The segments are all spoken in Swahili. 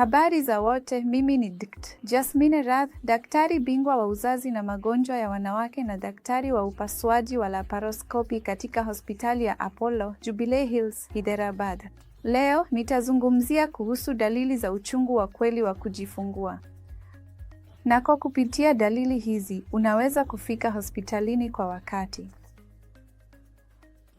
Habari za wote, mimi ni Dkt. Jasmine Rath, daktari bingwa wa uzazi na magonjwa ya wanawake na daktari wa upasuaji wa laparoskopi katika hospitali ya Apollo Jubilee Hills, Hyderabad. Leo nitazungumzia kuhusu dalili za uchungu wa kweli wa kujifungua. Na kwa kupitia dalili hizi, unaweza kufika hospitalini kwa wakati.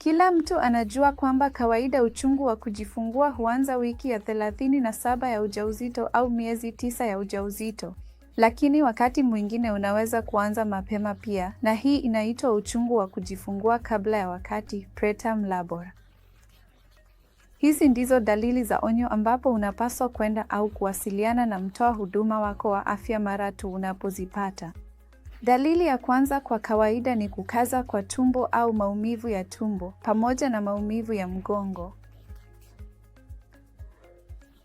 Kila mtu anajua kwamba kawaida uchungu wa kujifungua huanza wiki ya 37 ya ujauzito au miezi tisa ya ujauzito. Lakini wakati mwingine unaweza kuanza mapema pia, na hii inaitwa uchungu wa kujifungua kabla ya wakati, preterm labor. Hizi ndizo dalili za onyo ambapo unapaswa kwenda au kuwasiliana na mtoa huduma wako wa afya mara tu unapozipata. Dalili ya kwanza kwa kawaida ni kukaza kwa tumbo au maumivu ya tumbo pamoja na maumivu ya mgongo.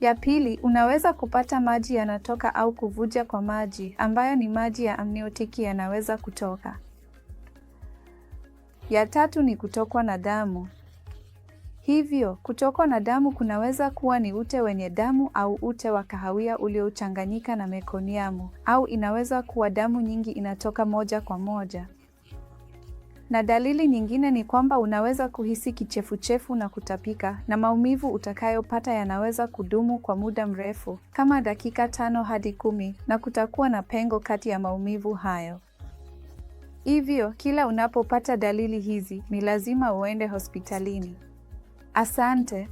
Ya pili, unaweza kupata maji yanatoka au kuvuja kwa maji ambayo ni maji ya amniotiki yanaweza kutoka. Ya tatu ni kutokwa na damu. Hivyo, kutokwa na damu kunaweza kuwa ni ute wenye damu au ute wa kahawia uliochanganyika na mekoniamu, au inaweza kuwa damu nyingi inatoka moja kwa moja. Na dalili nyingine ni kwamba unaweza kuhisi kichefuchefu na kutapika, na maumivu utakayopata yanaweza kudumu kwa muda mrefu, kama dakika tano hadi kumi, na kutakuwa na pengo kati ya maumivu hayo. Hivyo, kila unapopata dalili hizi, ni lazima uende hospitalini. Asante.